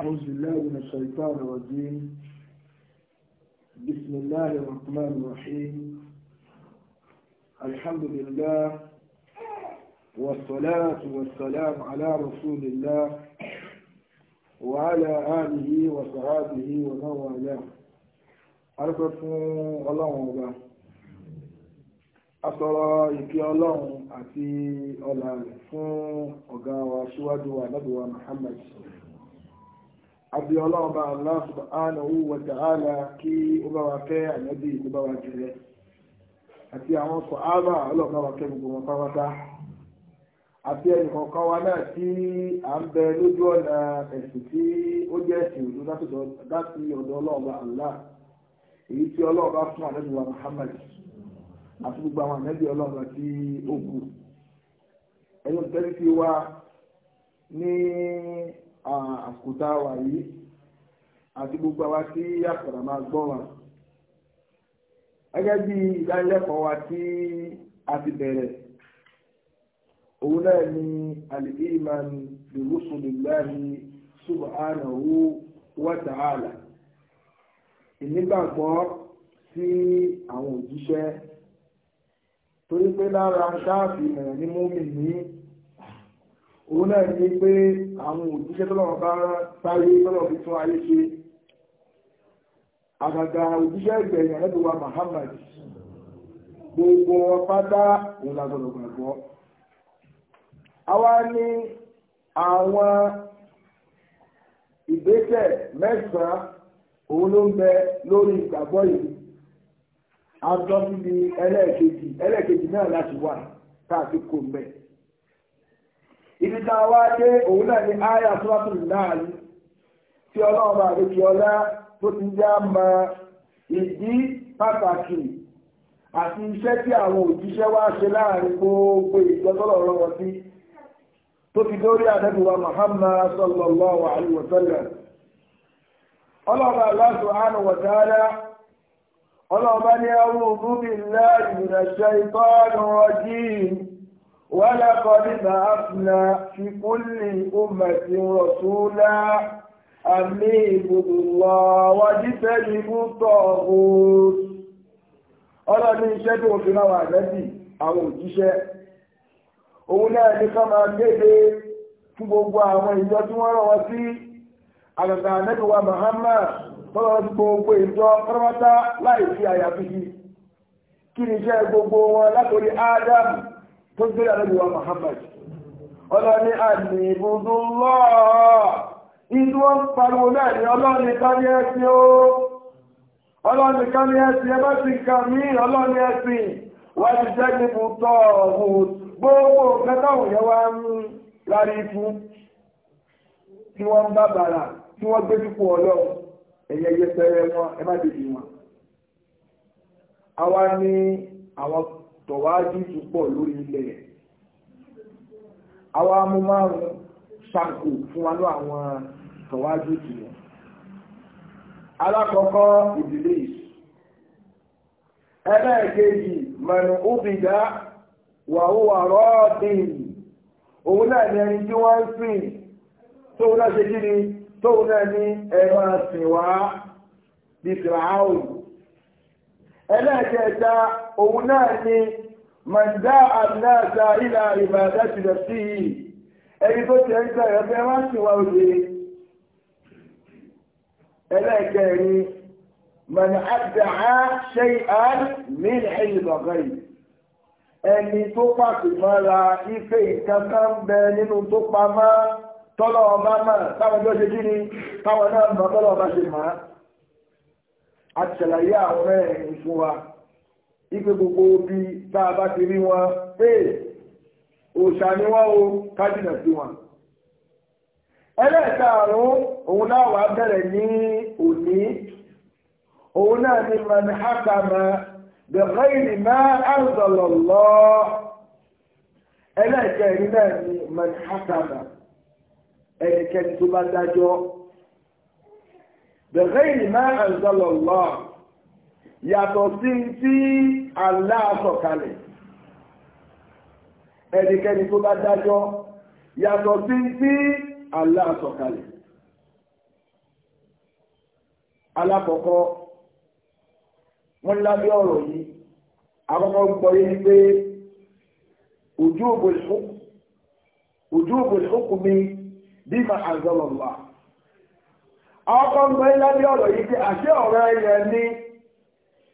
أعوذ بالله من الشيطان الرجيم بسم الله الرحمن الرحيم الحمد لله والصلاة والسلام على رسول الله وعلى آله وصحابه ومن والاه arúgbó الله ọlọ́run ọba asọ̀rọ̀ ìkẹ́ ọlọ́run àti ọlá rẹ̀ fún ọ̀gá wa síwájú wa lọ́dọ̀ wa Muhammad àbí ọlọ́ọ̀bá Allah subhanahu wa ta'ala kí ó bá wa kẹ́ ànábì kó bá wa jẹrẹ àti àwọn sọ̀hábà ọlọ́ọ̀bá wa kẹ́ gbogbo wọn pátápátá àti ẹnì kọ̀ọ̀kan wa náà tí à ń bẹ lójú ọ̀nà ẹ̀sìn tí ó jẹ́ ẹ̀sìn òdo láti ọ̀dọ̀ ọlọ́ọ̀bá Allah èyí tí ọlọ́ọ̀bá fún ànábì wa Muhammad àti gbogbo àwọn ànábì ọlọ́ọ̀bá tí ó kù ẹ̀yọ́ àsìkò tá a wà yìí àti gbogbo àwa tí àpàdà máa gbọ́n wa. gẹ́gẹ́ bí ìdánilẹ́kọ̀ọ́ wa tí a ti bẹ̀rẹ̀ òun náà ni al-iman bi rusulillahi subhanahu wa ta'ala ìnígbàgbọ́ sí àwọn òjíṣẹ́ torí pé lára dáàfin mẹ̀rẹ̀ ní mọ́mì ní. òun náà ní pé àwọn òjíṣẹ́ tọ́lọ̀ bá sáré tọ́lọ̀ fi tún ayé ṣe àgàgà òjíṣẹ́ ìgbẹ̀yìn àrẹ́bíwá Muhammad gbogbo pátá òun lágbọ́dọ̀ gbàgbọ́ àwa ní àwọn ìgbésẹ̀ mẹ́sàn òun ló ń bẹ lórí ìgbàgbọ́ yìí ibi tá a wá dé òun náà ni aya sọ́tún láàrin tí ọlọ́run bá fi ọlá tó ti já mọ ìdí pàtàkì àti iṣẹ́ tí àwọn òjíṣẹ́ wá ṣe láàrin gbogbo ìjọsọ́lọ̀ rọwọ́ sí tó fi dórí Muhammad àwọn òbúbi ìrìnàṣẹ́ ولقد بعثنا في كل أمة رسولا أن اعبدوا الله واجتنبوا الطاغوت ọlọ́ni iṣẹ́ tí wọ́n fi máa wà lẹ́bí àwọn òjíṣẹ́ òun náà ní ká máa kéde fún gbogbo àwọn ìjọ tí wọ́n rán wọn sí àgbàgbà nẹ́bíwá Muhammad tọ́lọ́ sí tó gbé àrẹ́lúwà Muhammad ọlọ́ni àmì ìbùdó lọ́ọ̀ inú wọn pariwo náà ni ọlọ́ni kárí ẹsí ó ọlọ́ni kárí ẹsí ẹ bá ti kà mí ọlọ́ni ẹsí wà ti jẹ́ ọ̀hún gbogbo kẹtàwùn yẹn wá ń rárí fún tí wọ́n bá bàrà tí wọ́n gbé tọ̀wájú tó pọ̀ lórí ilẹ̀ àwọn amúmárùn ṣàkó fún wa lọ àwọn tọ̀wájú tì wọ́n alákọ̀ọ́kọ́ ìdílé ẹlẹ́ẹ̀kejì mẹ́nu óbìdá wàhúwà rọ́ọ̀dìn òun náà ni ẹni tí wọ́n ń sìn tóun náà ṣe kí ni tóun náà ní ẹran sìn wá bí fìràáùn ẹlẹ́ẹ̀kẹta òun náà ni mọ̀ndá àdáàdá ìlà ìbàdá ti lọ sí yìí ẹni tó ti ń sọ ẹ̀fẹ́ wá sí wa òde ẹlẹ́ẹ̀kẹrin mọ̀nà àdáà ṣe àn mí ẹ̀yìn lọ́gọ́ yìí ẹni tó pàtó mọ́ra ife ìkankan bẹ nínú tó pamọ́ tọ́lọ́ ọba náà táwọn ọjọ́ ṣe kí ni táwọn náà mọ̀ tọ́lọ́ ọba ṣe mọ́ àṣàlàyé àwọn mẹ́rin fún wa ipe gbogbo bí tá a bá ti rí wọn pé òòṣà ni wọ́n o kájìnà sí wọn. ẹlẹ́ẹ̀kaàrún òun náà wàá bẹ̀rẹ̀ ní òní òun náà ni man hakama bi ghayri ma anzala Allah náà ni man ẹnikẹ́ni tó bá dájọ́ bẹ̀rẹ̀ ma anzalallah yàtọ̀ sí الله Allah sọ̀kalẹ̀ ẹnikẹ́ni tó bá dájọ́ yàtọ̀ sí tí Allah sọ̀kalẹ̀ alákọ̀ọ́kọ́ wọ́n lábẹ́ ọ̀rọ̀ yìí àkọ́kọ́ ń gbọ́ yìí pé ojú òbòlùkù mi bí ma anzalallah ọkọ̀ ń gbé lábí ọ̀rọ̀ yìí pé ọrụ ọ̀rọ̀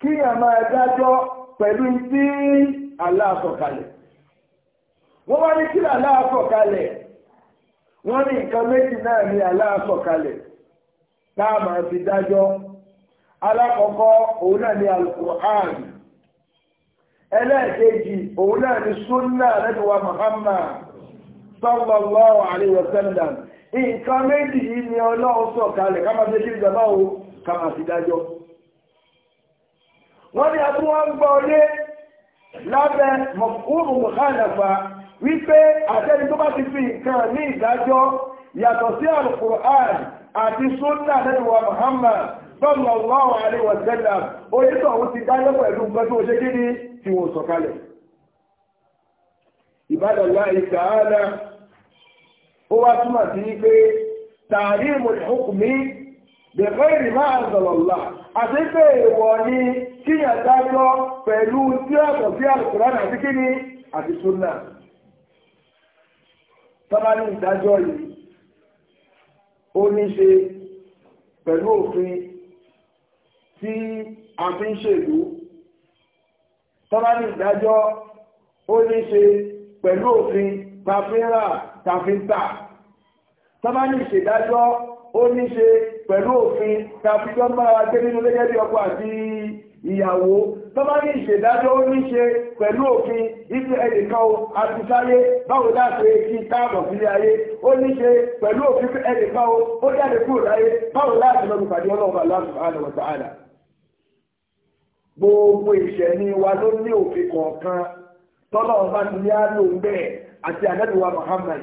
kí ẹ máa dájọ́ pẹ̀lú tí aláàsọ̀kalẹ̀ wọ́n wá ní kí aláàsọ̀kalẹ̀ wọ́n ní nǹkan méjì náà ní aláàsọ̀kalẹ̀ tá a máa fi dájọ́ òun náà ní alukur'an òun náà ní sunna Muhammad nǹkan méjì yìí ni ọlọ́run sọ kalẹ̀ ká máa ṣe kí ìjọba o ká máa fi dájọ́ wọ́n ní abú wọn gbọ́ ọlé lábẹ́ mọ̀kúrù mọ̀hánàfà wípé àtẹ́ni tó bá ti fi nǹkan ní ìdájọ́ yàtọ̀ sí Al-Qur'an àti sunna lẹ́nuwa Muhammad sallallahu alaihi wa sallam onítọ̀ òun ti dájọ́ pẹ̀lú nǹkan tó ṣe kí ni tí wọ́n sọ kalẹ̀ ìbádọ̀lá ìtàhálà ó wá túmọ̀ sí pé tààrí ìmọ̀lẹ́kùnmí bẹ̀rẹ̀ ìrìnmá àzọ̀lọ̀lá àti pé ìwọ̀ ni kíyàn dájọ́ pẹ̀lú tí ó yàtọ̀ sí àlùkùránì àti kíni àti súnà tọ́lá ní ìdájọ́ yìí ó ní ṣe pẹ̀lú òfin tí a fi ń ṣèlú tọ́lá ní ìdájọ́ ó ní ṣe pẹ̀lú òfin tàfíńrà tàfíńtà tọ́bá ní ìṣèdájọ́ ó ní ṣe pẹ̀lú òfin tàbíjọ́ bára gbé nínú gẹ́gẹ́ bí ọkọ àti ìyàwó tọ́bá ní ìṣèdájọ́ ó ní ṣe pẹ̀lú òfin ibi ẹnìkan àti sáyé báwo láti kí táàmù sílé ayé ó ní ṣe pẹ̀lú òfin ẹnìkan ó jáde kúrò láyé báwo láti lọ́dún pàdé ọlọ́run subhanahu wa ta'ala gbogbo ìṣẹ̀ni wa ló ní òfin kọ̀ọ̀kan tọ́lọ́run bá ti lò ń bẹ́ẹ̀ àti Muhammad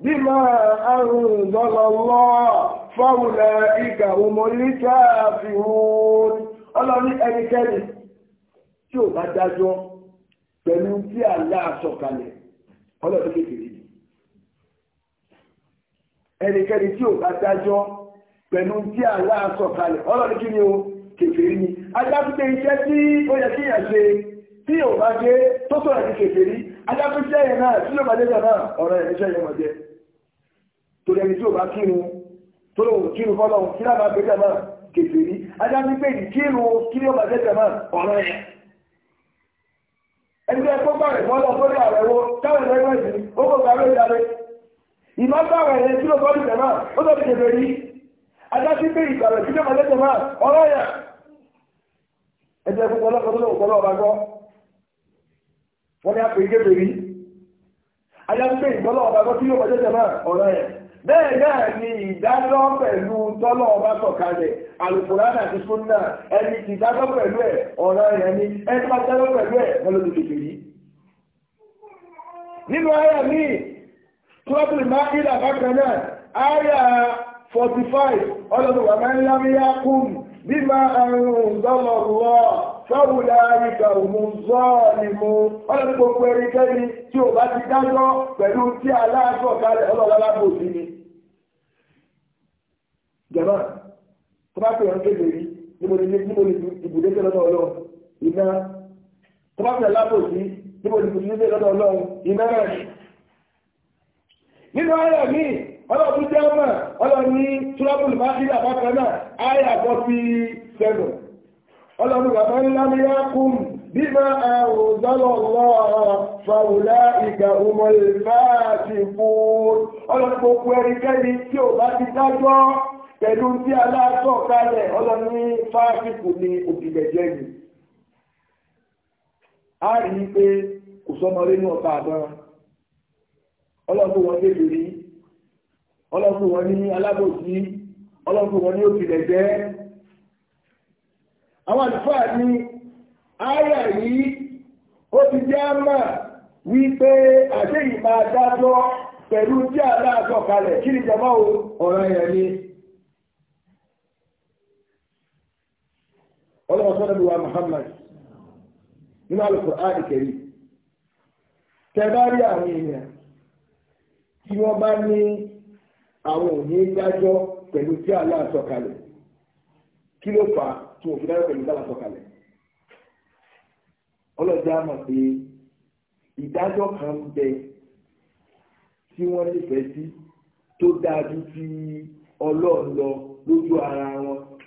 بما أنزل الله فأولئك هم الكافرون ọlọ́ni ẹnikẹ́ni tí ò bá dájọ́ pẹ̀lú tí àlá sọ̀kalẹ̀ ọlọ́ni kékeré ẹnikẹ́ni tí ò bá dájọ́ pẹ̀lú tí àlá sọ̀kalẹ̀ ọlọ́ni kí ni o kékeré ni adágúté iṣẹ́ tí ó yẹ kí ṣe tí ò bá ṣe tó sọ̀rọ̀ ní kékeré adágúté yẹn náà tí ó bá dé jọ náà ọ̀rọ̀ ẹ̀ iṣẹ́ yẹn mọ̀ jẹ́ torí ẹni tí ò bá kírun tó lòun kírun fọ́lọ́hun kí lábàá pé jàmá kèfè rí ajá ní pé ìkírun kí ló bá jẹ́ jàmá ọ̀rọ̀ yẹn ẹni tí ẹ kó bàrẹ̀ fọ́lọ́ tó lé àrẹ̀wò táwọn ẹ̀rọ ẹ̀rọ ẹ̀sìn ó kó bàrẹ̀ ìdáre ìmọ̀ bàrẹ̀ ẹ̀yẹ kí ló bọ́ ní jàmá ó lọ́ kèfè rí ajá sí pé ìgbàrẹ̀ kí ló bá jẹ́ jàmá ọ̀rọ̀ yẹn ẹni ẹ kó pọlọ́pọ̀ tó lòun pọlọ́ ọ̀bá gbọ́ wọ́n ní àpò ìgébèrè ajá sí pé ìgbọ́lọ́ ọ̀bá gbọ́ kí ló bá jẹ́ jàmá ọ̀rọ̀ yẹn bẹ́ẹ̀ náà ni ìdájọ́ pẹ̀lú tọ́lọ̀ ọba sọ̀kalẹ̀ alùpùránà àti súnà ẹni tí ìdájọ́ pẹ̀lú ẹ̀ ọ̀rọ̀ rẹ̀ ẹni máa dájọ́ pẹ̀lú ẹ̀ ọlọ́dún kejì yìí. nínú ayé mi tọ́bìlì máa ń ilà bákan náà forty five ọlọ́dún wà máa ń àrùn òun ọlọ́dún gbogbo tí jama tó bá pèyàn kéde rí níbo ni níbo ni ibùdó tẹ lọ́dọ̀ ọlọ́run iná tó bá pèyàn lábò sí níbo ni ibùdó tẹ lọ́dọ̀ ọlọ́run iná náà ni. nínú ayọ̀ mi ọlọ́run jẹ́ ọmọ ọlọ́run ní túrọ́bùlù bá sí àbákan náà ayọ̀ àbọ̀ fi sẹ́nu ọlọ́run bàbá ńlá mi yá kún bí máa àrùndọ́lọ̀ lọ́ọ̀ fàwùlá ìgbà ọmọ ìfáàtì fún ọlọ́run gbogbo ẹnikẹ́ni tí ò bá ti dájọ́ pẹ̀lú tí aláàtọ̀ kalẹ̀ ọlọ́ni fáàfíkù ni òbílẹ̀ ni a rí i pé kò sọmọlé ní ọ̀tá àbọ̀n ọlọ́pù wọn dé lórí ọlọ́pù wọn ní alábòsí ọlọ́pù wọn ní àwọn àlùfáà yìí ó ti jẹ́ àmà wípé ọlọ́run sọ́dọ̀ bí wa Muhammad nínú Al-Qur'an Karim tẹ́ bá rí àwọn èèyàn tí wọ́n bá ní àwọn òní dájọ́ pẹ̀lú tí Allah sọ̀kalẹ̀ kí ló fà á tí wọ́n fi dájọ́ pẹ̀lú tí Allah sọ̀kalẹ̀ ọlọ́jà mọ̀ pé ìdájọ́ kan ń bẹ tí wọ́n nífẹ̀ẹ́ sí tó dáa ju ti ọlọ́run lọ lójú ara wọn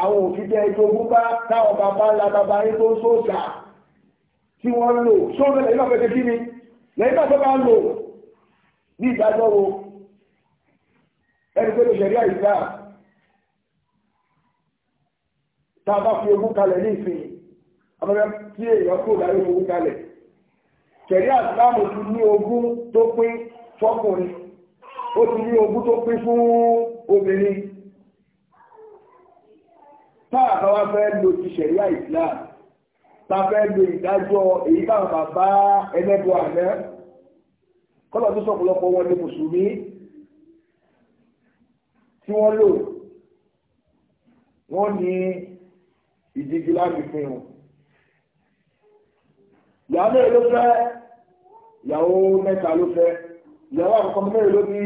àwọn òfìjẹ́ ìjogún bá táwọn bàbá ńlá bàbá yín tó sóòṣà tí wọ́n lò sóòrò lẹ́yìn náà fẹ́ẹ́ kí ni lẹ́yìn náà tó bá lò ní ìdájọ́ wo ẹni pé ló ṣẹ̀rí àyíká tá a bá fi ogún kalẹ̀ ní ìsìn abẹ́rẹ́ tí èèyàn kò dárí ogún kalẹ̀ ṣẹ̀rí àtìláàmù ti ní ogún tó pín fọ́kùnrin ó ti ní ogún tó pín fún obìnrin táà bá wá fẹ́ lo ti ṣẹ̀ríà Islam ta fẹ́ lo ìdájọ́ èyí táwọn bàbá ẹlẹ́bù àná kọ́lọ̀ tó sọ̀pọ̀lọpọ̀ wọn ní mùsùlùmí tí wọ́n lò wọ́n ní ìdíjú láti fi hàn ìyàwó mẹ́rin ló fẹ́ ìyàwó mẹ́ta ló fẹ́ ìyàwó àkọ́kọ́ mẹ́rin ló bí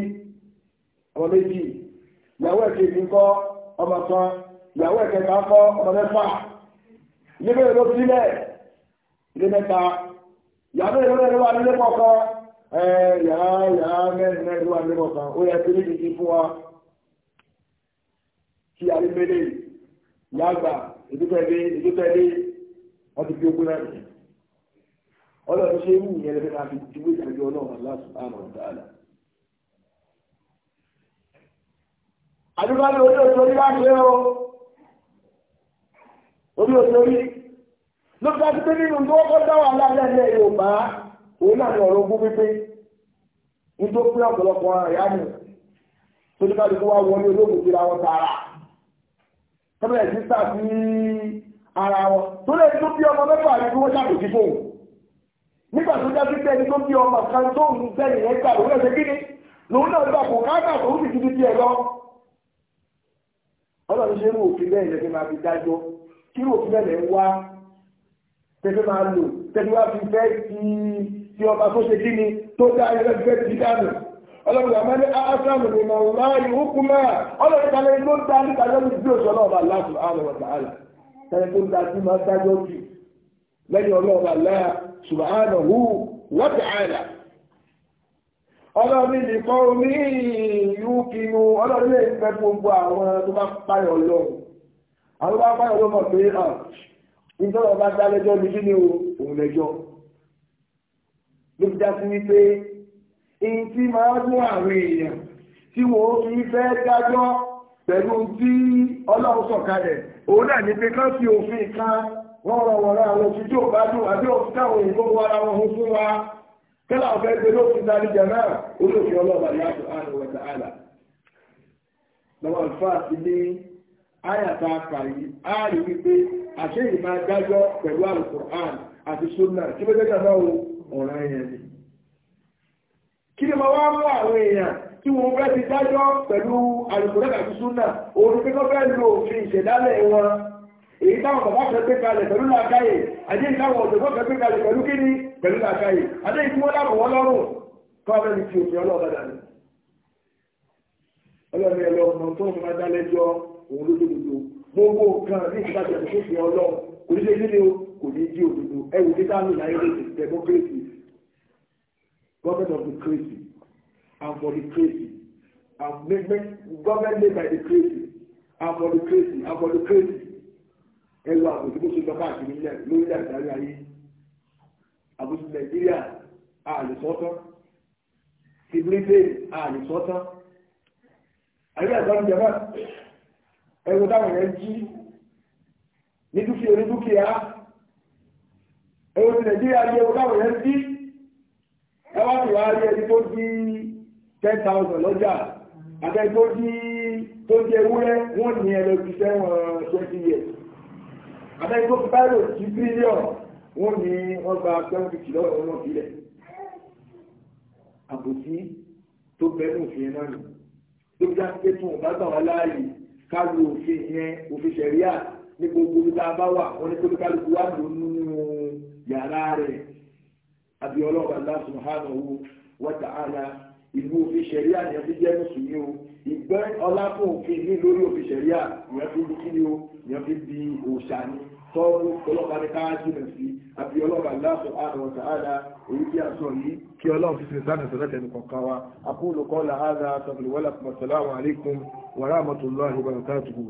ọmọ méjì ìyàwó ẹ̀kejì ńkọ́ ọmọ kan ìyàwó ẹ̀kẹta fọ́ ọmọ mẹ́fà nígbà èrò sílẹ̀ ilé mẹ́ta ìyàwó èrò mẹ́rin wà nílé kọ̀ọ̀kan ẹ̀ yàrá yàrá mẹ́rin mẹ́rin wà nílé kọ̀ọ̀kan ó yẹ kí ní kìkì fún wa kí alẹ́ yàgbà ìdúpẹ́lẹ́ wọ́n ti fi ogún náà ọlọ́run ṣe dúró ìdájọ́ ọlọ́run àdúgbò àti òṣèlú ṣe o. orí òṣèré ló fẹ́ ti pé nínú tó kọ́ dáwà lálẹ́ Yorùbá òun náà ní ọ̀rọ̀ ogún pípé nítorí pé ọ̀pọ̀lọpọ̀ ẹ̀yà nù tó ní kálukú wa wọlé olóògùn síra wọn tààrà tọ́lẹ̀ sí sàbí ara wọn tó lè tó bí ọmọ mẹ́fà ní bí wọ́n ṣàkóso fóun nígbà tó já sí tẹ́ni tó bí ọmọ kan tó ń tẹ́ni yẹn gbà lóun ẹ̀ṣẹ́ kíni lòun náà gbà kó káàkà tó ń sì ti di tiẹ̀ lọ. ọlọ́run ṣe ń wò fi bẹ́ẹ̀ lẹ́gbẹ̀ẹ́ máa fi dájọ́ kí òfin ẹ̀lẹ̀ ń wá tẹ́fẹ́ máa lò tẹ́fẹ́ wá fi fẹ́ ti ti ọba tó ṣe kí ni tó dá ẹgbẹ́ fẹ́ ti dànù ọlọ́run àmọ́ ní ní ma wá ọlọ́run kan ló ń dá nípa lẹ́nu bí àlọ́ tẹ́lẹ̀ tó ń dá sí máa dájọ́ jù lẹ́yìn ọlọ́run ní omi ọlọ́run lè fẹ́ gbogbo àwọn tó bá pààyàn àwọn bá báyọ̀ ló mọ̀ pé hàn nítorí ọba dá lẹ́jọ́ ní kí ni òun lẹ́jọ́ ló fi dá sí wípé tí máa àwọn èèyàn tí fi fẹ́ dájọ́ pẹ̀lú tí ọlọ́run sọ̀kalẹ̀ òun náà ní pé kán fi òfin kan wọ́n rọ àwọn bá dùn àbí òfin òyìnbó wọ ara àyàtà àkàyí a wípé àṣẹ ìmá dájọ́ pẹ̀lú alukur'an àti sunna kí ló jẹ́jọ́ náà wo ọ̀ràn yẹn ni. kí ni mo wá mú àwọn èèyàn tí wọ́n fẹ́ ti dájọ́ pẹ̀lú alukur'an àti sunna òun pé kó fẹ́ òfin ìṣẹ̀dálẹ̀ wọn èyí táwọn bàbá fẹ́ gbé kalẹ̀ pẹ̀lú làákàyè àti táwọn ọ̀dọ́gbọ́n fẹ́ gbé kalẹ̀ pẹ̀lú pẹ̀lú làákàyè tí wọ́n dábọ̀ wọ́n lọ́rùn kọ́ ti òfin ọlọ́ọ̀dá dànù. ọlọ́ọ̀ni ẹ̀lọ́ ọmọ tó ń máa dá government of the crazy and for the crazy and make government made by the crazy and for the crazy and for the crazy ẹ wọ àbòsí bó ṣe lọ káàkiri nílẹ̀ lórílẹ̀ àgbáyé ayé àbòsí nàìjíríà àlùsọ́tán ti britain àlùsọ́tán ayé àgbáyé jẹ́ báyìí ẹ̀rọ táwọn èèyàn jí ní dúkìá ní dúkìá ẹ̀rọ ti nàìjíríà yẹ ẹ̀rọ táwọn èèyàn jí ẹwà tó wá rí ẹni tó di ten thousand lọ́jà àtẹ́ni tó di tó di ewúrẹ́ wọ́n ní ẹ̀rọ ti sẹ́wọ̀n twenty years àtẹ́ni tó fi báyìí ti bílíọ̀n wọ́n ní wọ́n gba seventy kìlọ̀ ọ̀nà ìbílẹ̀ àbòsí tó bẹ́ẹ̀ ní òfin náà ló bí a ti pé fún ọ̀gá gbà wá láàyè kálu òfin yẹn òfin ṣẹ̀ríà ní gbogbo ibi tá a bá wà wọn ní kóbi kálukú wà ló yàrá rẹ̀ àbí ọlọ́ọ̀bà Allah subhanahu wa ta'ala ìlú òfin ṣẹ̀ríà ni ẹbí jẹ́ mùsùlùmí o ìgbẹ́ ọlá fún òfin ní lórí òfin ṣẹ̀ríà ìyẹn fi bí kí ni o ìyẹn bí òòṣà ni tọ́rú ọlọ́pàá ní káàkiri rẹ̀ sí àbí ọlọ́pàá láàpọ̀ àrùn tààdà èyí tí a sọ yìí kí ọlọ́pàá fi sàánà sọ́dọ̀ tẹnu kọ̀ọ̀kan wa akúlùkọ́ làhádà tọ́pìlì wọ́lá assalamu alaikum wa rahmatullahi wa barakatuhu